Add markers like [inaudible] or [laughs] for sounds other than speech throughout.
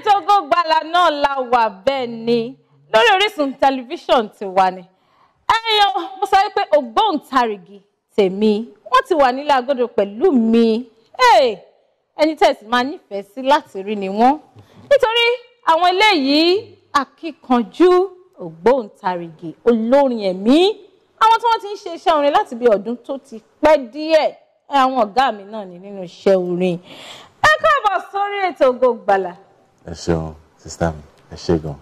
ètò Ògo Ìgbàlà náà la wà bẹ́ẹ̀ ni lórí Orísun tẹlifíṣàn ti wà ni ẹyọ mo sọ pé ògbóǹtarìgì tèmi wọ́n ti wà nílẹ̀ agodo pẹ̀lú mi ẹni tẹ̀sí máa nífẹ̀ẹ́ sí láti rí ni wọ́n nítorí àwọn eléyìí akíkanjú ògbóǹtarìgì olórin ẹ̀mí àwọn tí wọ́n ti ń ṣe iṣẹ́ orin láti bí ọdún tó ti pẹ́ díẹ̀ àwọn ọ̀gá mi náà ni nínú iṣẹ́ orin ẹ káàbọ̀ sórí ètò Ògo ẹ ṣeun sísá mi ẹ ṣe gan.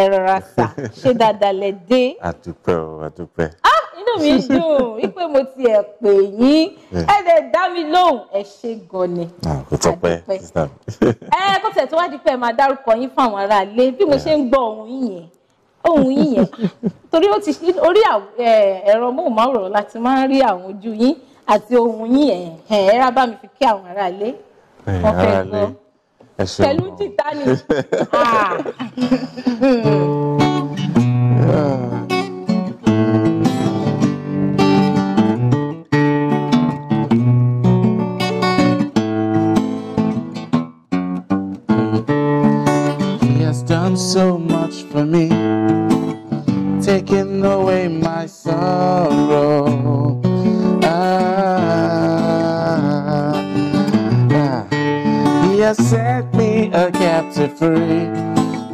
ẹ rọra sà ṣé dáadáa lẹ dé. àdúpẹ́ o àdúpẹ́. ah inú mi dùn wípé mo ti ẹ̀ pè yín ẹ lè dá mi lóhùn ẹ ṣe gan ni. Ah, kò tọpẹ́ sísá mi. [laughs] ẹ kó tẹ̀ tó wá di pé ẹ máa dárúkọ yín fáwọn aráalé bí mo ṣe ń gbọ́ ohun yín yẹn ohun yín yẹn [laughs] torí ó ti orí ẹ̀rọ móhùnmáwòrán láti máa ń rí àwọn ojú yín àti ohun yín yẹn ẹ̀ ẹ́ rábàmì fi kí àwọn aráalé. ẹ̀ aráalé pẹ̀lú [laughs] ah. He has done so much for me, taking away my sorrow. has set me a captive free,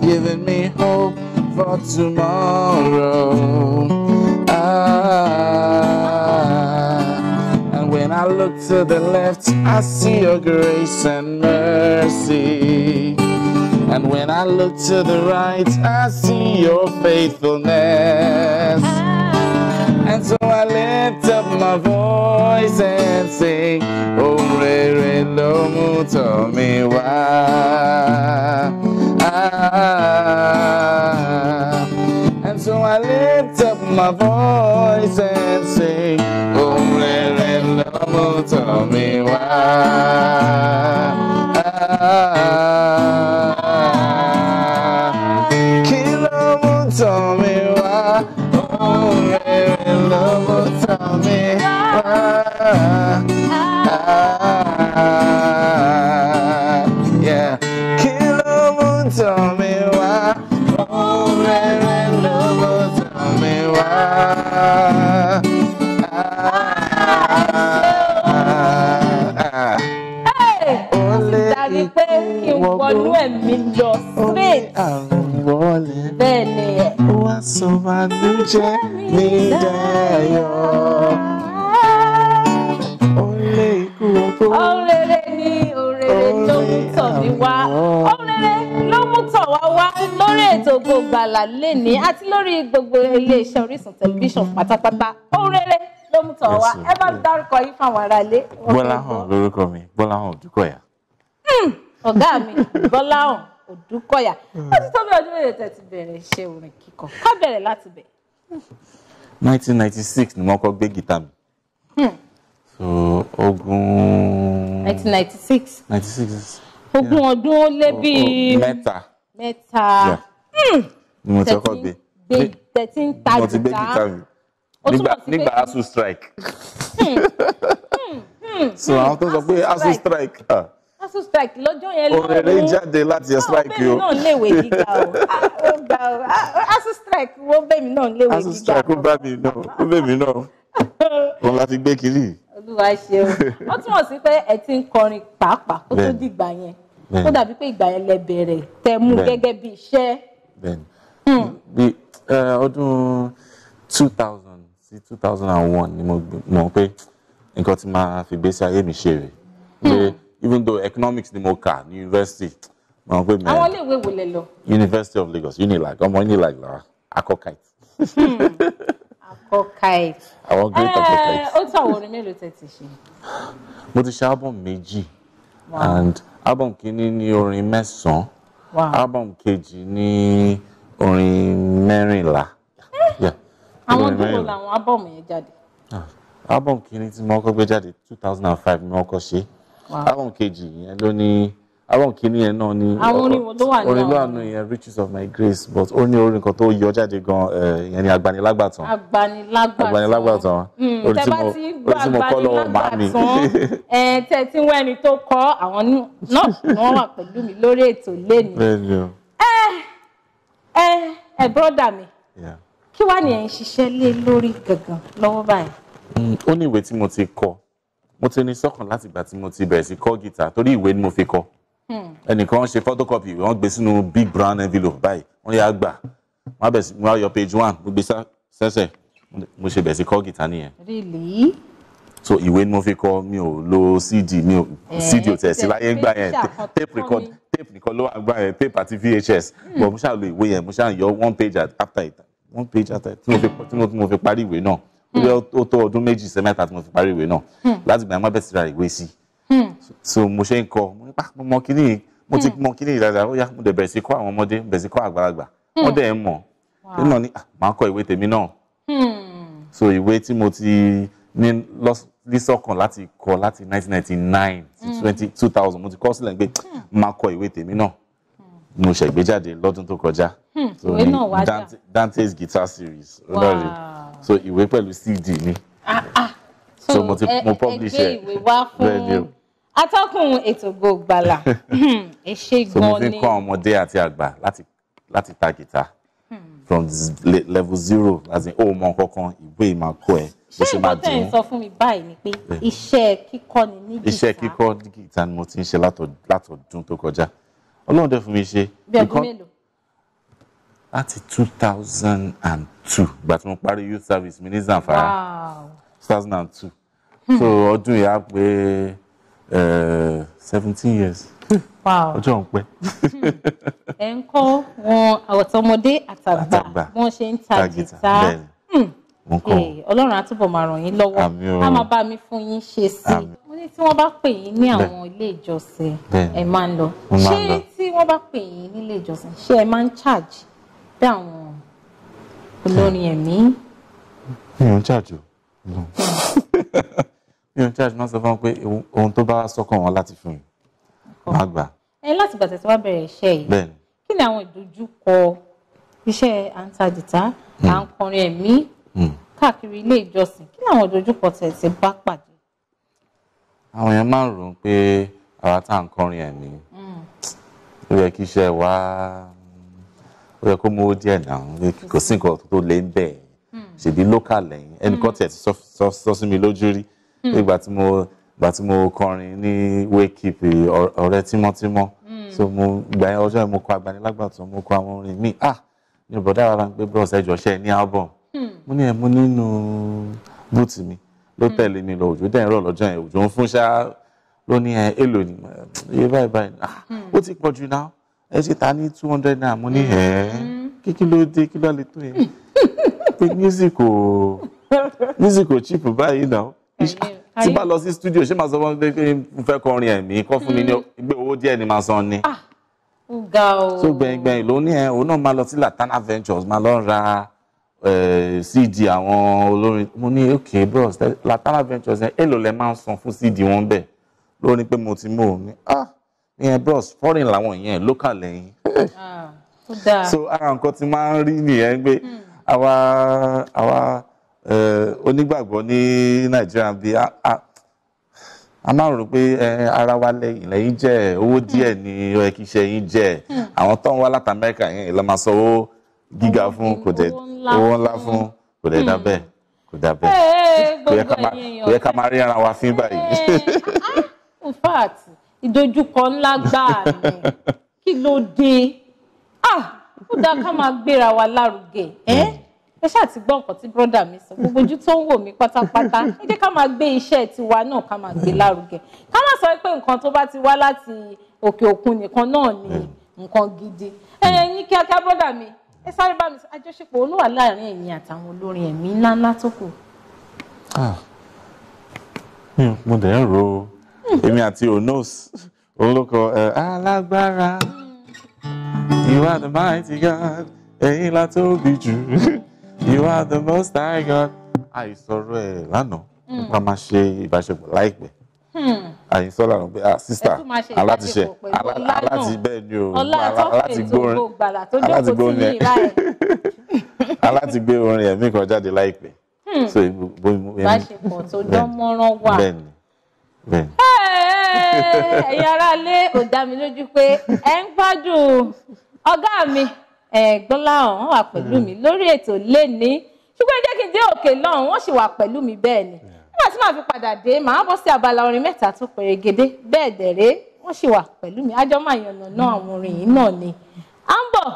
giving me hope for tomorrow. Ah, and when I look to the left, I see your grace and mercy. And when I look to the right, I see your faithfulness. And so I lift up my voice and sing, Oh, re, tell me why. Oh, baby, love will tell me why. Yeah. Can love tell me why? Oh, baby, love will tell me why. léni àti lórí gbogbo iléeṣẹ́ Orísun tẹlifíṣàn pátápátá ohun rere ló mú tọ̀ wá ẹ bá mi dárúkọ yín fáwọn aráalé. Gbọ́láhàn lórúkọ mi Gbọ́láhàn Òdúkọ̀yà. Hmm, ọ̀gá mi Gbọ́láhàn Òdúkọ̀yà hmm. ó ti tó bí ọdún mélòó tẹ̀ ti bẹ̀rẹ̀ iṣẹ́ orin kíkọ ká bẹ̀rẹ̀ láti bẹ̀. 1996 ni mo kọ́ gbé gìtá mi. Hmm. so ogún. 1996. 96. ogún ọdún ó lé bíi. mẹ́ta. mẹ́ta. Yeah. Mm ni mo ti kọ́kọ́ gbé tẹ̀tí ń ta gìtá nígbà asu strike hmm, hmm, hmm, so àwọn tó sọ pé asu strike ah. asu strike lọ́jọ́ yẹn lọ́wọ́ òrèrè jáde láti ẹ strike o náà léwe gíga o [laughs] ah, ah, asu strike wọ́n bẹ̀mí náà léwe gíga asu strike ó bá mi náà ó bẹ̀mí náà [laughs] òun la fi gbé kiri olúwa ṣeun wọ́n túmọ̀ sí pé ẹ ti ń kọrin pàápàá kó tó dìgbà yẹn ó dàbí pé ìgbà yẹn lẹ bẹ̀rẹ̀ tẹ mú gẹ́gẹ́ bí iṣẹ́ Bi ọdún two thousand sí two thousand and one ni mo mọ̀ pé nǹkan tí máa fi gbèsè ayé mi ṣe rè pé hmm. even though economics ni mo kà ní university mo pé mi. àwọn iléèwé wo lẹ lọ. University of Lagos unilag ọmọ unilag la akọkite. Hmm. [laughs] akọkite. àwọn great akọkite. ó tún àwọn orin mélòó tẹ ti ṣe. mo ti ṣe album méjì and album kìíní ni orin mẹ́sàn-án album kejì ní. Ni orin mẹ́rìnlá. Eh, àwọn dúró làwọn ábọ̀mù yẹn jáde. ábọ̀mù ah, kìíní tí mo kọ́ gbé jáde two thousand and five ni wọ́n kọ́ ṣe ábọ̀mù kejì yẹn ló ní ábọ̀mù kìíní yẹn náà ní orin ló àánú yẹn riches of my grace but ó ní orin kan tó yọ jáde gan eh, yẹn ní agbanilágbàtàn. agbanilágbàtàn hmm, orin tí mo kọ́ lọ́wọ́ màá mi. Eh, tẹ tí wẹ́n ni tó kọ́ àwọn náà wọ́n wà pẹ̀lú mi lórí ètò lẹ́nu ẹ ẹ bọ́dà mi kí wàá ní ẹ̀ ń ṣiṣẹ́ lé lórí gangan lọ́wọ́ báyìí. Mm, ó ní ìwé tí mo ti kọ mo ti ní sọ́kàn láti ìgbà tí mo ti bẹ̀rẹ̀ sí kọ́ gìtà torí ìwé ni mo fi kọ hmm. ẹnìkan ṣe photocopy wọn gbé sínú big brown envelope báyìí wọn yà á gbà wọn bẹ̀ wọn á yọ page one mo gbé sẹ́sẹ̀ mo ṣe bẹ̀rẹ̀ sí kọ́ gìtà nìyẹn. really? so ìwé ni mo fi kọ mi ò lo cd mi ò eh, cd ò tẹ̀ sí láyé gbà yẹn tape record tape nìkan ló wà gbà tape àti vhs hmm. but mo ṣáà lo ìwé yẹn mo ṣáà yọ one page after it one page after it tí mo fi tí mo tí mo fi parí ìwé náà hmm. ó yẹ ó tó ọdún méjì sí mẹ́ta tí mo fi parí ìwé náà hmm. láti gbà yẹn má bẹ̀ sí ra ìwé sí so mo ṣe ń kọ mo nípa mo mọ kíní mo ti mọ kíní dáadáa ó yá mo dẹ̀ bẹ̀rẹ̀ sí kọ́ àwọn ọmọdé bẹ̀rẹ̀ sí kọ́ àgbàlagbà wọ́n dẹ̀ ń mọ̀ nínú ni ah, màá kọ ìwé tèmi náà so ìwé tí mo ti ní ní sọ́kàn láti kọ láti 1999 sí 2000 mo ti kọ sílẹ̀ pé hmm. máa kọ ìwé tèmi náà hmm. mo ṣègbéjáde lọ́dún tó kọjá hmm. so ní Dante, Dante's guitar series lọ́rẹ̀ so ìwé pẹ̀lú CD mi ah, ah. so mo ti mo publish ẹ̀ bẹ́ẹ̀ ni atọ́kùn ètò Ògo Ìgbàlà ẹ ṣé gan ni so mo fi ń kọ́ ọmọdé àti àgbà láti láti ta guitar from level zero as in ó mọ kankan ìwé ìmàkọ́ ẹ̀ bó ṣe máa dùn. ṣé ìbátẹ̀ sọ fún mi báyìí ni pé iṣẹ́ kíkọ́ ni ní gìtá. iṣẹ́ kíkọ́ ní gìtá ni mo ti ń ṣe látọdún tó kọjá ọlọ́run dẹ̀ fún mi ṣe. bí ọdún mélòó. láti two thousand and two ìgbà tí mo parí youth service mi ní Zamfara two thousand and two so ọdún yìí á pé seventeen years ọjọ́ ń pẹ́. ẹ̀ ń kọ́ wọn àwọ̀tọ́mọdé àtàgbà wọ́n ṣe ń ta gìtá mo kàn. Eh, ọlọ́run á túbọ̀ máa ràn yín lọ́wọ́ á máa bá mi fún yín ṣe sí i mo ní tí wọ́n bá pè yín ní àwọn ilé ìjọsìn ẹ máa ń lọ ṣé tí wọ́n bá pè yín nílé ìjọsìn ṣé ẹ máa ń charge bí àwọn olórin ẹ̀mí. mi ò ń charge o [laughs] mi ò ń charge máa sọ fún wọn pé ohun tó bá sọkàn wọn láti fún mi máa gbà. ẹ láti gbàtẹ́ tí wàá bẹ̀rẹ̀ iṣẹ́ yìí kí ni àwọn ìdojúkọ iṣẹ́ àǹtàjìtá à ń hmm. kọrin ẹ̀mí káàkiri ilé ìjọsìn kí làwọn ìdojúkọ tẹ̀ ti bá pàdé. àwọn yẹn máa ń rò ó pé àwa tá à ń kọrin ẹ̀ ní ó yẹ kí iṣẹ́ wa ó yẹ kó mú díẹ̀ náà kò sí nǹkan tó lé ń bẹ̀ ṣèbí lókà lẹ́yìn ẹnìkan tiẹ̀ ti sọ sí mi lójú rí nígbà tí mo ìgbà tí mo kọrin ní wake up ọ̀rẹ́ so mo ìgbà yẹn ọjọ́ yẹn mo kọ agbanilágbàtọ́ mo kọ àwọn orin mi ah ní ọ̀bọ̀dá wa ń gbé bros ẹjọ́ ṣe ní album mo ní ẹ mo nínú búùtù mi ló hmm. tẹ̀lé mi lọ òjò dẹ́n rọ̀ lọ́jọ́ yẹn òjò ń fún ṣá ló ní ẹ èlò ni iye báyìí báyìí ah hmm. ó ti pọ̀ jù náà ẹ ṣe ta ní two hundred naira mo ní hmm. ẹ kí kí ló dé kí ló lè tó yẹn pé music ò music ò cheap báyìí náà tí bá lọ sí studio ṣé màá sọ fún mi pé mo fẹ́ kọrin ẹ̀mí kọ́ fún mi ní gbé owó díẹ̀ ni màá san ni. Ah, ó ga o. so gbẹ̀ngbẹ̀ng ló ní ẹ òun náà máa lọ sí Latana Ventures máa lọ ra. Eh, cd àwọn olórin mo ní okay bros Latala Ventures yẹn èlò lẹ máa ń san fún cd wọn bẹ́ẹ̀ lórí pé mo ti mú òun ní ah ìyẹn bros foreign làwọn ìyẹn local lẹ́yìn ah, so ara nǹkan ti máa ń rí nìyẹn pé hmm. àwa àwa eh, onígbàgbọ́ ní nàìjíríà bíi a máa rò pé eh, ara wa lẹ́yìn lẹ́yìn jẹ́ owó díẹ̀ hmm. ni ó yẹ kí iṣẹ́ yín jẹ́ hmm. àwọn tó ń wá láti amẹ́ríkà yẹn ìlànà sọ gíga fún kò dẹ̀ owó ńlá fún kò dẹ̀ dá hmm. bẹ́ẹ̀ kò dá bẹ́ẹ̀ kò yẹ ká máa rí ara wa fín báyìí. Ah, in fact ìdojúkọ ńlá gbáà ni kí ló dé ah, ó dáa ká máa gbéra wa lárugẹ hmm. ẹ ṣáà ti gbọ́ nǹkan tí brọ́dà mi sọ gbogbo ojú tó ń wò mí pátápátá ẹ jẹ́ ká máa gbé iṣẹ́ tiwa náà ká máa gbé lárugẹ ká má sọ pé nǹkan tó bá ti wá láti òkè òkun nìkan náà ni hmm. nǹkan gidi ẹ ní kíákíá brọ́dà mi ẹ sáré bá mi àjọṣepọ̀ olúwa láàrin ẹ̀yin àtàwọn olórin ẹ̀mí ńláńlá tó kù. Ah. Hmm, mo dẹ̀ ń ro hmm. èmi àti onos olóko eh, alágbára you are the mighty God ẹ̀yin la tóbi jù you are the most high God àìsọ̀rọ̀ ẹ̀ lánàá hmm. nípa máa ṣe ìbáṣepọ̀ láìpẹ́. Hmm. àyìnsọ́lá rẹ̀ pé ah sísà alátiṣẹ aláti bẹ́ẹ̀ ni o aláti gbórin aláti gbórin ẹ̀ aláti gbé orin ẹ̀mí kan jáde láìpẹ́ hmm. so ibo ibo ẹ̀mí ìbáṣepọ̀ tó dán mọ́rán wà bẹ́ẹ̀ni bẹ́ẹ̀ni. ẹ̀yin aráalé ò dá mi lójú pé ẹ ń gbádùn ọ̀gá mi Gbọ́láhàn wà pẹ̀lú mi hmm. lórí ètò lẹ́ni ṣùgbọ́n jẹ́ kí n dé òkè lọ́hùn wọ́n sì wà pẹ̀lú mi bẹ́ẹ̀ ni nígbà tí màá fi padà dé màá bọ́ sí abala orin mẹ́ta tó pèrègede bẹ́ẹ̀ dẹ̀rẹ́ wọ́n sì wà pẹ̀lú mi àjọ máa yànnà náà àwọn orin yìí náà ni à ń bọ̀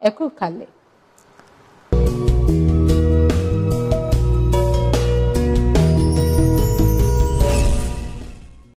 ẹ kú kalẹ̀.